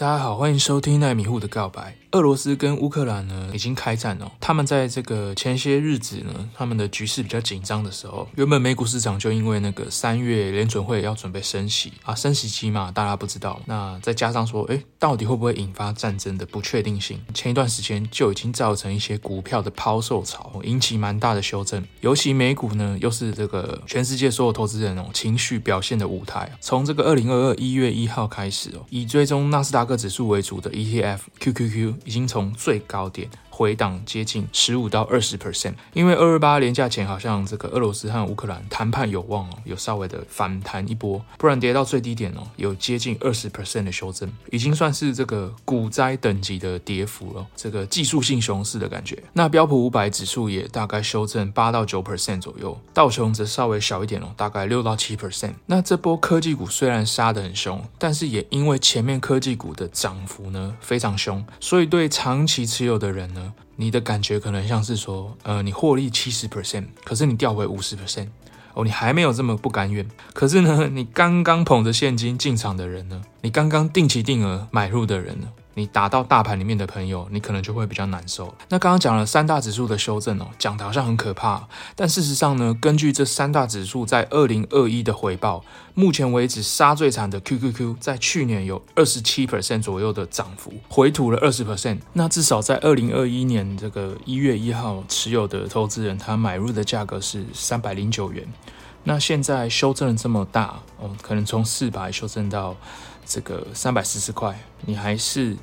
大家好，歡迎收聽《奈米戶的告白》。俄羅斯跟烏克蘭呢已經開戰了哦。他們在這個前些日子呢，他們的局勢比較緊張的時候，原本美股市場就因為那個三月聯準會要準備升息啊，升息期嘛，大家不知道。那再加上說，哎，到底會不會引發戰爭的不確定性，前一段時間就已經造成一些股票的拋售潮，引起蠻大的修正。尤其美股呢，又是這個全世界所有投資人哦情緒表現的舞台。從這個二零二二年一月一號開始哦，以追蹤納斯達克個指數為主的 ETF QQQ 已經從最高點，回檔接近十五到二十 percent，因為二二八連假前好像這個俄羅斯和烏克蘭談判有望哦，有稍微的反彈一波，不然跌到最低點哦，有接近二十 percent 的修正，已經算是這個股災等級的跌幅了，這個技術性熊市的感覺。那標普五百指數也大概修正八到九 percent 左右，道瓊則稍微小一點哦，大概六到七 percent。那這波科技股雖然殺得很兇，但是也因為前面科技股的漲幅呢非常兇，所以對長期持有的人呢。你的感覺可能像是說，呃，你獲利七十 percent，可是你掉回五十 percent，哦，你還沒有這麼不甘願。可是呢，你剛剛捧着現金進場的人呢，你剛剛定期定額買入的人呢，你打到大盤裡面的朋友，你可能就會比較難受。那剛剛講了三大指數的修正哦，講得好像很可怕，但事實上呢，根據這三大指數在二零二一的回報，目前為止殺最慘的 QQQ 在去年有二十七 percent 左右的漲幅，回吐了二十 percent。那至少在二零二一年這個一月一號持有的投資人，他買入的價格是三百零九元，那現在修正了這麼大，哦，可能從四百修正到這個三百四十塊，你還是，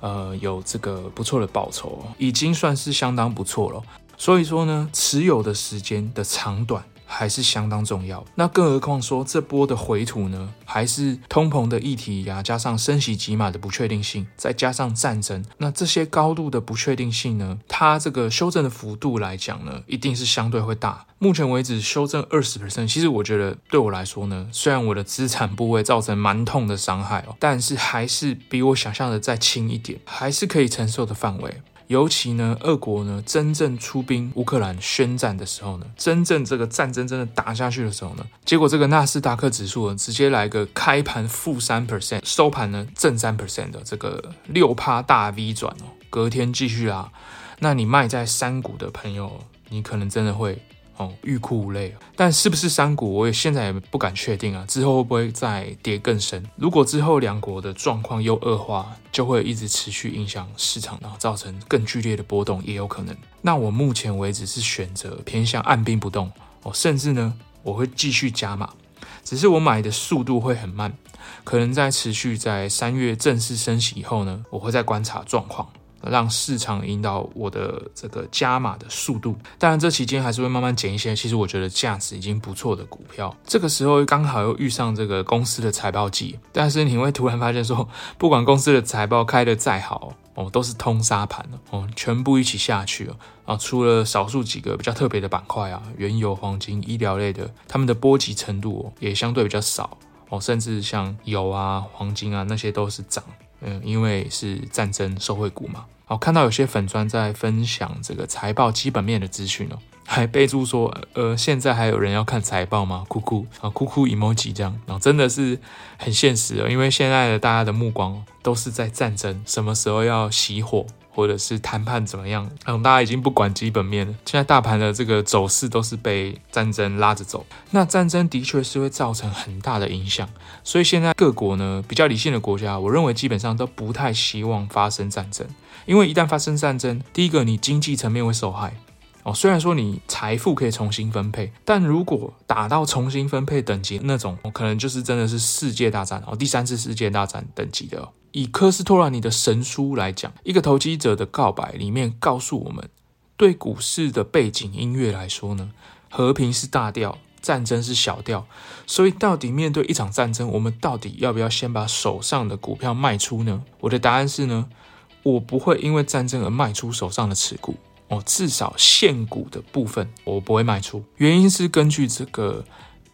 呃，有這個不錯的報酬，已經算是相當不錯了。所以說呢，持有的時間的長短。還是相當重要。那更何況說這波的回吐呢，還是通膨的議題呀，加上升息幾碼的不確定性，再加上戰爭，那這些高度的不確定性呢，它這個修正的幅度來講呢，一定是相對會大。目前為止修正二十 percent，其實我覺得對我來說呢，雖然我的資產部位造成蠻痛的傷害哦，但是還是比我想象的再輕一點，還是可以承受的範圍。尤其呢，俄國呢真正出兵烏克蘭宣戰的時候呢，真正這個戰爭真的打下去的時候呢，結果這個納斯達克指數呢直接來個開盤負三 percent，收盤呢正三 percent 的這個六趴大 V 轉哦，隔天繼續啊。那你賣在山谷的朋友，你可能真的會。哦，欲哭無淚，但是不是三股？我也現在也不敢確定啊。之後會不會再跌更深？如果之後兩國的狀況又惡化，就會一直持續影響市場，然後造成更劇烈的波動也有可能。那我目前為止是選擇偏向按兵不動哦，甚至呢，我會繼續加碼，只是我買的速度會很慢，可能在持續在三月正式升息以後呢，我會再觀察狀況。讓市場引導我的這個加碼的速度，當然這期間還是會慢慢減一些。其實我覺得價值已經不錯的股票，這個時候剛好又遇上這個公司的財報季，但是你會突然發現說，不管公司的財報開得再好哦，哦都是通殺盤哦，哦，全部一起下去了，哦、啊、哦，除了少數幾個比較特別的板塊啊，原油、黃金、醫療類的，他們的波及程度，哦、也相對比較少哦，甚至像油啊、黃金啊那些都是漲。嗯，因為是戰爭受惠股嘛，好看到有些粉專在分享這個財報基本面的資訊哦，還備注說，呃，現在還有人要看財報嗎？酷酷啊酷酷 emoji 這樣，然後真的是很現實哦、喔，因為現在的大家的目光、喔、都是在戰爭，什麼時候要熄火？或者是談判怎麼樣？嗯，大家已經不管基本面了。現在大盤的這個走勢都是被戰爭拉着走。那戰爭的確是會造成很大的影響，所以現在各國呢，比較理性的國家，我認為基本上都不太希望發生戰爭，因為一旦發生戰爭，第一個你經濟層面會受害。哦，雖然說你財富可以重新分配，但如果打到重新分配等級那種，可能就是真的是世界大戰哦，第三次世界大戰等級的。以科斯托蘭尼的神書來講，《一個投機者的告白》裡面告訴我們，對股市的背景音樂來說呢，和平是大調，戰爭是小調。所以到底面對一場戰爭，我們到底要不要先把手上的股票賣出呢？我的答案是呢，我不會因為戰爭而賣出手上的持股。哦，至少現股的部分我不會賣出，原因是根據這個。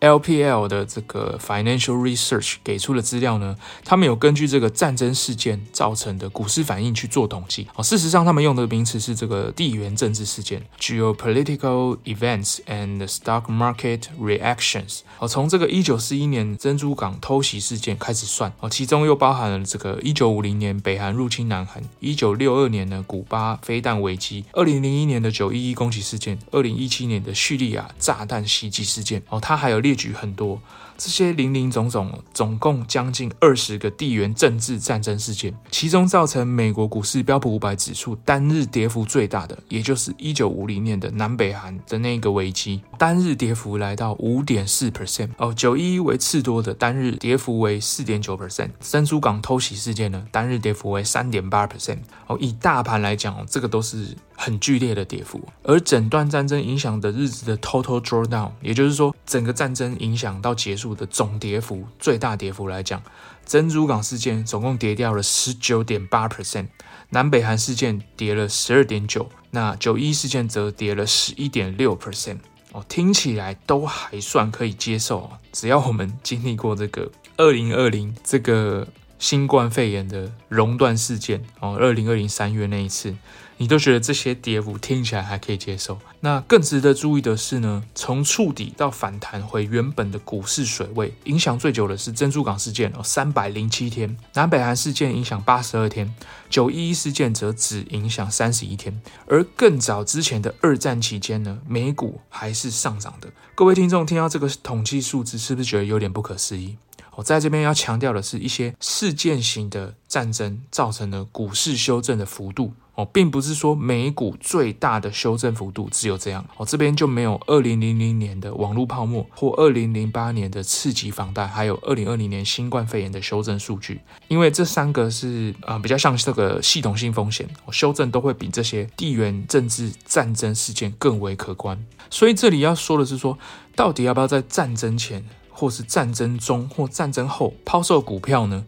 LPL 的這個 Financial Research 給出的資料呢，他們有根據這個戰爭事件造成的股市反應去做統計。哦，事實上他們用的名詞是這個地緣政治事件 （Geopolitical Events and the Stock Market Reactions）。哦，從這個一九四一年珍珠港偷襲事件開始算。哦，其中又包含了這個一九五零年北韓入侵南韓、一九六二年的古巴飛彈危機、二零零一年的九一一攻擊事件、二零一七年的敘利亞炸彈襲擊事件。哦，它還有另，列舉很多這些零零總總，總共將近二十個地緣政治戰爭事件，其中造成美國股市標普五百指數單日跌幅最大的，也就是一九五零年的南北韓的那個危機，單日跌幅來到五點四 percent。哦，九一一為次多的單日跌幅為四點九 percent，珍珠港偷襲事件呢，單日跌幅為三點八 percent。哦，以大盤來講，哦，這個都是很劇烈的跌幅。而整段戰爭影響的日子的 total drawdown，也就是說整個戰爭真影響到結束的總跌幅、最大跌幅來講，珍珠港事件總共跌掉了十九點八 percent，南北韓事件跌了十二點九，那九一事件則跌了十一點六 percent。哦，聽起來都還算可以接受啊。只要我們經歷過這個二零二零這個新冠肺炎的熔斷事件，哦，二零二零三月那一次。你都覺得這些跌幅聽起來還可以接受？那更值得注意的是呢，從觸底到反彈回原本的股市水位，影響最久的是珍珠港事件哦，三百零七天；南北韓事件影響八十二天；九一一事件則只影響三十一天。而更早之前的二戰期間呢，美股還是上漲的。各位聽眾聽到這個統計數字，是不是覺得有點不可思議？我在這邊要強調的是一些事件型的戰爭造成了股市修正的幅度。哦、並不是說美股最大的修正幅度只有這樣，我、哦、這邊就沒有二零零零年的網絡泡沫，或二零零八年的次級房貸，還有二零二零年新冠肺炎的修正數據，因為這三個是、呃、比較像這個系統性風險、哦，修正都會比這些地緣政治戰爭事件更為可觀。所以這裡要說的是說，到底要不要在戰爭前，或是戰爭中，或戰爭後拋售股票呢？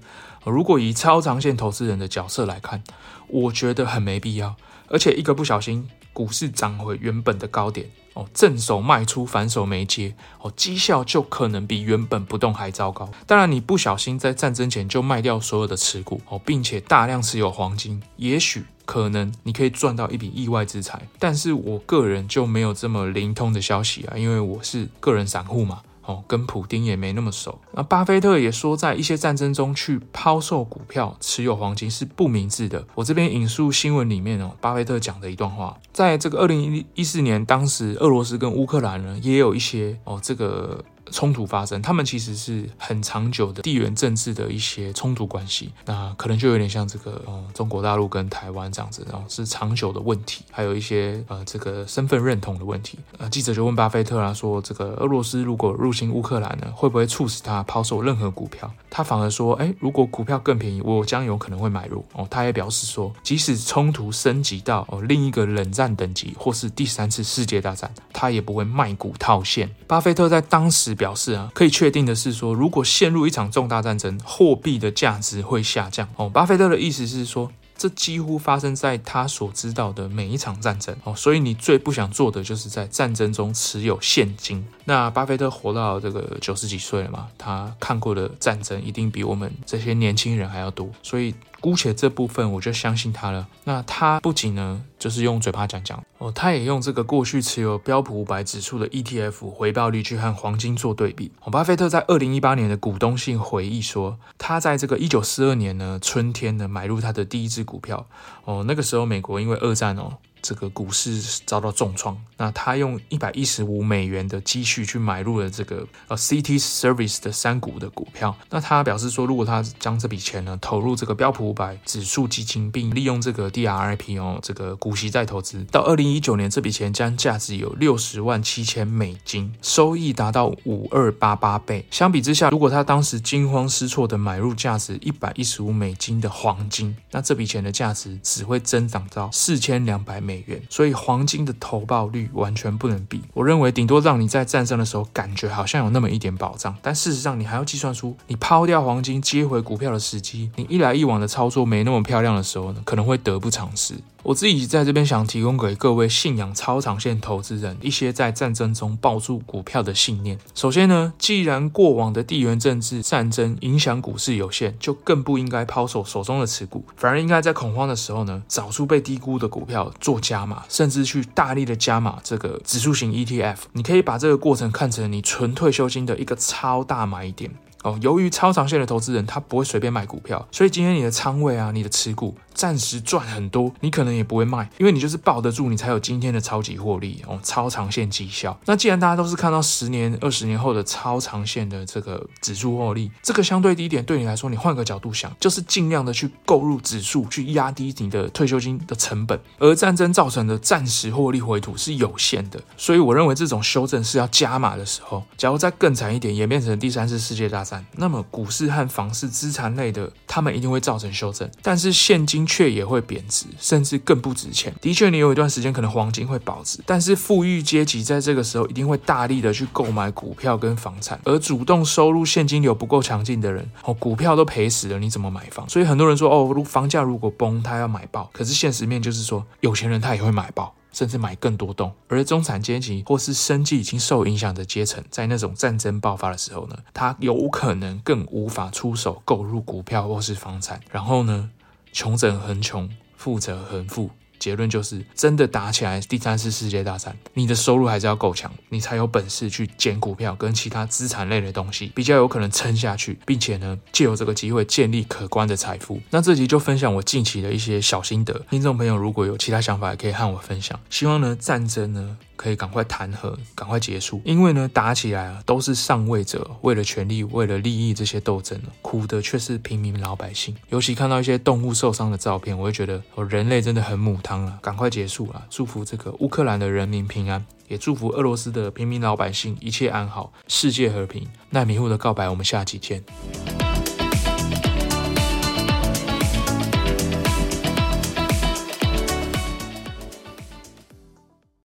如果以超長線投資人的角色來看，我覺得很沒必要。而且一個不小心，股市漲回原本的高點，哦，正手賣出，反手沒接，哦，績效就可能比原本不動還糟糕。當然，你不小心在戰爭前就賣掉所有的持股，哦，並且大量持有黃金，也許可能你可以賺到一筆意外之財。但是我個人就沒有這麼靈通的消息啊，因為我是個人散戶嘛。跟普丁也沒那麼熟。那巴菲特也說，在一些戰爭中去拋售股票，持有黃金是不明智的。我這邊引述新聞裡面哦，巴菲特講的一段話，在這個二零一四年，當時俄羅斯跟烏克蘭呢也有一些哦，這個。衝突發生，他們其實是很長久的地緣政治的一些衝突關係，那可能就有點像這個、哦、中國大陸跟台灣這樣子啊，然後是長久的問題，還有一些呃這個身份認同的問題。呃，記者就問巴菲特啊，說這個俄羅斯如果入侵烏克蘭呢，會不會促使他拋售任何股票？他反而說，哎，如果股票更便宜，我將有可能會買入。哦，他也表示說，即使衝突升級到哦另一個冷戰等級，或是第三次世界大戰，他也不會賣股套現。巴菲特在當時。表示啊，可以確定的是說，說如果陷入一場重大戰爭，貨幣的價值會下降。哦，巴菲特的意思是說，這幾乎發生在他所知道的每一場戰爭。哦，所以你最不想做的，就是在戰爭中持有現金。那巴菲特活到這個九十幾歲了嘛，他看過的戰爭一定比我們這些年輕人還要多，所以。姑且這部分我就相信他了。那他不僅呢，就是用嘴巴講講哦，他也用這個過去持有標普五百指數的 ETF 回報率去和黃金做對比。哦，巴菲特在二零一八年的股東信回憶說，他在這個一九四二年呢春天呢買入他的第一支股票。哦，那個時候美國因為二戰哦。這個股市遭到重創，那他用一百一十五美元的積蓄去買入了這個呃 Cities Service 的三股的股票。那他表示說，如果他將這筆錢呢投入這個標普五百指數基金，並利用這個 DRIP 哦，這個股息再投資，到二零一九年，這筆錢將價值有六十萬七千美金，收益，達到五二八八倍。相比之下，如果他當時驚慌失措的買入價值一百一十五美金的黃金，那這筆錢的價值只會增長到四千兩百美金。美元，所以黃金的投報率完全不能比。我認為頂多讓你在戰爭的時候感覺好像有那麼一點保障，但事實上你還要計算出你拋掉黃金接回股票的時機。你一來一往的操作沒那麼漂亮的時候呢，可能會得不償失。我自己在這邊想提供給各位信仰超長線投資人一些在戰爭中抱住股票的信念。首先呢，既然過往的地緣政治戰爭影響股市有限，就更不應該拋售手，手中的持股，反而應該在恐慌的時候呢，找出被低估的股票做加碼，甚至去大力的加碼這個指數型 ETF，你可以把這個過程看成你存退休金的一個超大買一點。哦，由於超長線的投資人，他不會隨便買股票，所以今天你的倉位啊，你的持股暫時賺很多，你可能也不會賣，因為你就是抱得住，你才有今天的超級獲利哦，超長線績效。那既然大家都是看到十年、二十年後的超長線的這個指數獲利，這個相對低點對你來說，你換個角度想，就是盡量的去購入指數，去壓低你的退休金的成本。而戰爭造成的暫時獲利回吐是有限的，所以我認為這種修正是要加碼的時候，假如再更慘一點，演變成第三次世界大戰。那麼股市和房市資產類的，他們一定會造成修正，但是現金卻也會貶值，甚至更不值錢。的確，你有一段時間可能黃金會保值，但是富裕階級在這個時候一定會大力的去購買股票跟房產，而主動收入現金流不夠強勁的人，哦，股票都賠死了，你怎麼買房？所以很多人說，哦，如房價如果崩，他要買爆，可是現實面就是說，有錢人他也會買爆。甚至買更多棟，而中產階級或是生計已經受影響的階層，在那種戰爭爆發的時候呢，他有可能更無法出手購入股票或是房產，然後呢，窮者恆窮，富者恆富。結論就是，真的打起來第三次世界大戰，你的收入還是要夠強，你才有本事去撿股票跟其他資產類的東西，比較有可能撐下去，並且呢，借由這個機會建立可觀的財富。那這集就分享我近期的一些小心得，聽眾朋友如果有其他想法，也可以和我分享。希望呢，戰爭呢。可以趕快談和，趕快結束，因為呢，打起來啊，都是上位者為了權力、為了利益這些鬥爭了、啊，苦的卻是平民老百姓。尤其看到一些動物受傷的照片，我就覺得，哦，人類真的很母湯了、啊，趕快結束了、啊，祝福這個烏克蘭的人民平安，也祝福俄羅斯的平民老百姓一切安好，世界和平。那奈米戶的告白，我們下期見。